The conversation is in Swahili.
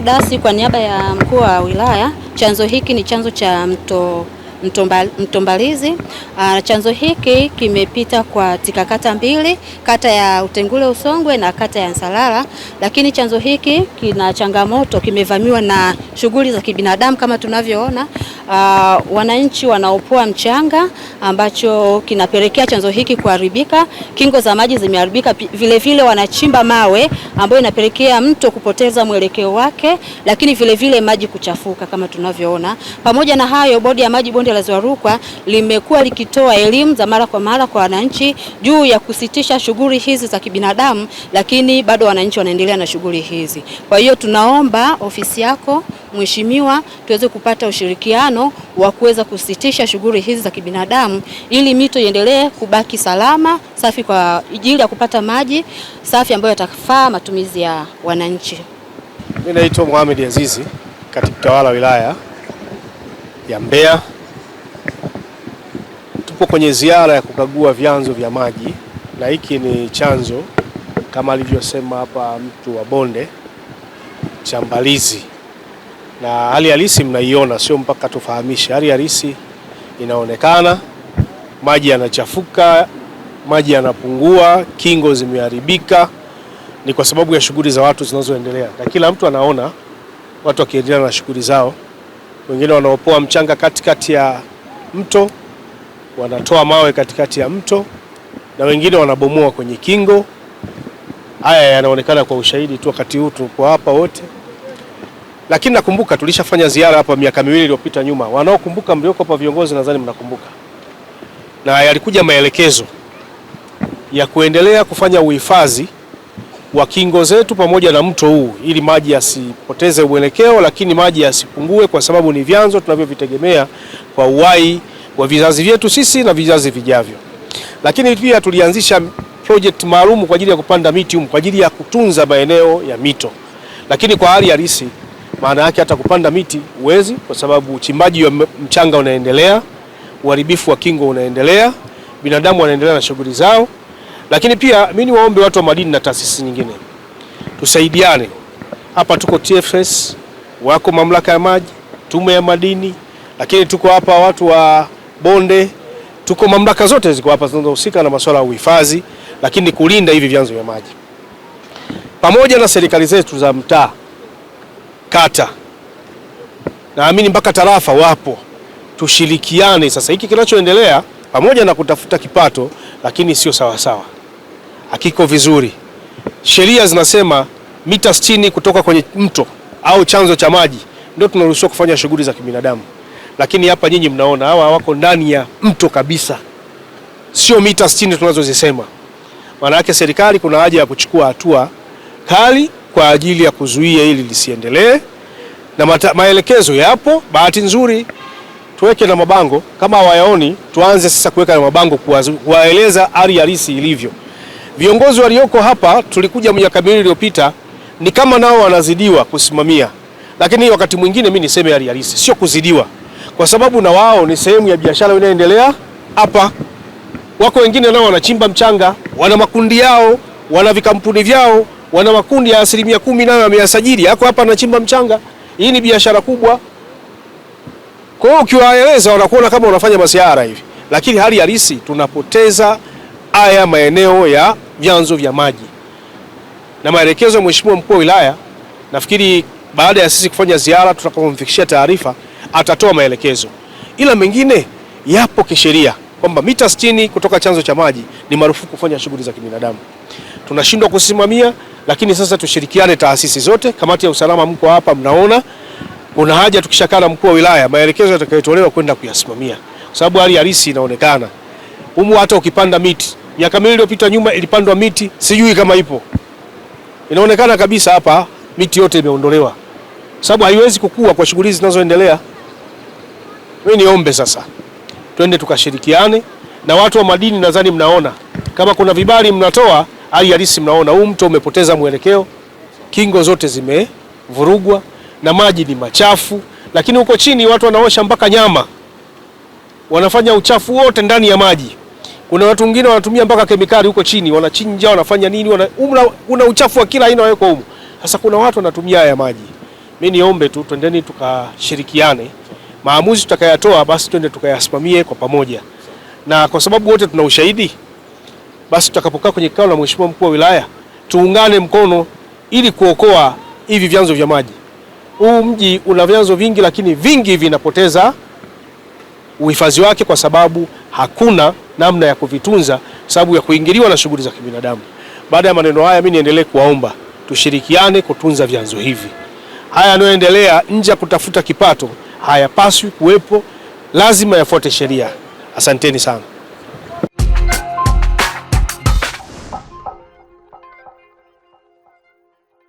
DASI kwa niaba ya mkuu wa wilaya, chanzo hiki ni chanzo cha mto Mtombalizi. Uh, ah, chanzo hiki kimepita katika kata mbili, kata ya Utengule Usongwe na kata ya Nsalala, lakini chanzo hiki kina changamoto, kimevamiwa na shughuli za kibinadamu kama tunavyoona uh, wananchi wanaopoa mchanga ambacho kinapelekea chanzo hiki kuharibika. Kingo za maji zimeharibika, vile vile wanachimba mawe ambayo inapelekea mto kupoteza mwelekeo wake, lakini vile vile maji kuchafuka kama tunavyoona. Pamoja na hayo, bodi ya maji bonde la Ziwa Rukwa limekuwa likitoa elimu za mara kwa mara kwa wananchi juu ya kusitisha shughuli hizi za kibinadamu, lakini bado wananchi wanaendelea na shughuli hizi. Kwa hiyo tunaomba ofisi yako mheshimiwa, tuweze kupata ushirikiano wa kuweza kusitisha shughuli hizi za kibinadamu ili mito iendelee kubaki salama safi kwa ajili ya kupata maji safi ambayo yatafaa matumizi ya wananchi. Mimi naitwa Mohamed Azizi, katibu tawala wilaya ya Mbeya. Tupo kwenye ziara ya kukagua vyanzo vya maji na hiki ni chanzo kama alivyosema hapa mtu wa bonde cha Mbalizi na hali halisi mnaiona, sio mpaka tufahamishe. Hali halisi inaonekana, maji yanachafuka, maji yanapungua, kingo zimeharibika. Ni kwa sababu ya shughuli za watu zinazoendelea, na kila mtu anaona watu wakiendelea na shughuli zao. Wengine wanaopoa mchanga katikati ya mto, wanatoa mawe katikati ya mto, na wengine wanabomoa kwenye kingo. Haya yanaonekana kwa ushahidi tu wakati huu tuko hapa wote. Lakini nakumbuka tulishafanya ziara hapa miaka miwili iliyopita nyuma. Wanaokumbuka mlioko hapa viongozi, nadhani mnakumbuka, na yalikuja maelekezo ya kuendelea kufanya uhifadhi wa kingo zetu pamoja na mto huu ili maji yasipoteze mwelekeo, lakini maji yasipungue, kwa sababu ni vyanzo tunavyovitegemea kwa uhai wa vizazi vyetu sisi na vizazi vijavyo. Lakini pia tulianzisha project maalum kwa ajili ya kupanda miti humu kwa ajili ya kutunza maeneo ya mito, lakini kwa hali halisi maana yake hata kupanda miti huwezi, kwa sababu uchimbaji wa mchanga unaendelea, uharibifu wa kingo unaendelea, binadamu wanaendelea na shughuli zao. Lakini pia mimi ni waombe watu wa madini na taasisi nyingine tusaidiane. Hapa tuko TFS, wako mamlaka ya maji, tume ya madini, lakini tuko hapa watu wa bonde, tuko mamlaka zote ziko hapa zinazohusika na masuala ya uhifadhi, lakini kulinda hivi vyanzo vya maji pamoja na serikali zetu za mtaa kata, naamini mpaka tarafa wapo, tushirikiane. Sasa hiki kinachoendelea, pamoja na kutafuta kipato, lakini sio sawasawa, hakiko vizuri. Sheria zinasema mita 60 kutoka kwenye mto au chanzo cha maji ndio tunaruhusiwa kufanya shughuli za kibinadamu, lakini hapa nyinyi mnaona hawa wako ndani ya mto kabisa, sio mita 60 tunazozisema. Maana yake serikali kuna haja ya kuchukua hatua kali kwa ajili ya kuzuia ili lisiendelee, na mata, maelekezo yapo. Bahati nzuri tuweke na mabango kama hawayaoni, tuanze sasa kuweka na mabango kuwaeleza hali halisi ilivyo. Viongozi walioko hapa, tulikuja miaka miwili iliyopita, ni kama nao wanazidiwa kusimamia, lakini wakati mwingine mimi niseme hali halisi, sio kuzidiwa, kwa sababu na wao ni sehemu ya biashara inayoendelea hapa. Wako wengine nao wanachimba mchanga, wana makundi yao, wana vikampuni vyao wana makundi ya asilimia kumi nayo wameyasajili, yako hapa anachimba mchanga. Hii ni biashara kubwa. Kwa hiyo ukiwaeleza wanakuona kama unafanya masiara hivi, lakini hali halisi tunapoteza haya maeneo ya vyanzo vya maji, na maelekezo ya Mheshimiwa mkuu wa wilaya, nafikiri baada ya sisi kufanya ziara, tutakapomfikishia taarifa atatoa maelekezo, ila mengine yapo kisheria kwamba mita 60 kutoka chanzo cha maji ni marufuku kufanya shughuli za kibinadamu. Tunashindwa kusimamia, lakini sasa tushirikiane taasisi zote. Kamati ya usalama mko hapa, mnaona kuna haja tukishakaa mkuu wa wilaya, maelekezo yatakayotolewa kwenda kuyasimamia, kwa sababu hali halisi inaonekana humu. Hata ukipanda miti, miaka miwili iliyopita nyuma ilipandwa miti, sijui kama ipo, inaonekana kabisa hapa miti yote imeondolewa, sababu haiwezi kukua kwa shughuli zinazoendelea. Mimi niombe sasa twende tukashirikiane na watu wa madini. Nadhani mnaona kama kuna vibali mnatoa, hali halisi mnaona huu mto umepoteza mwelekeo, kingo zote zimevurugwa na maji ni machafu, lakini huko chini watu wanaosha mpaka nyama, wanafanya uchafu wote ndani ya maji. Kuna watu wengine wanatumia mpaka kemikali huko chini, wanachinja, wanafanya nini, wana, umla, una uchafu wa kila aina wako huko. Sasa kuna watu wanatumia haya maji. Mimi niombe tu twendeni tukashirikiane maamuzi tutakayatoa basi twende tukayasimamie kwa pamoja, na kwa sababu wote tuna ushahidi, basi tutakapokaa kwenye kikao na mheshimiwa mkuu wa wilaya tuungane mkono ili kuokoa hivi vyanzo vya maji. Huu mji una vyanzo vingi, lakini vingi vinapoteza uhifadhi wake kwa sababu hakuna namna ya kuvitunza, sababu ya kuingiliwa na shughuli za kibinadamu. Baada ya maneno haya, mimi niendelee kuwaomba tushirikiane kutunza vyanzo hivi. Haya yanayoendelea nje ya kutafuta kipato hayapaswi kuwepo, lazima yafuate sheria. Asanteni sana.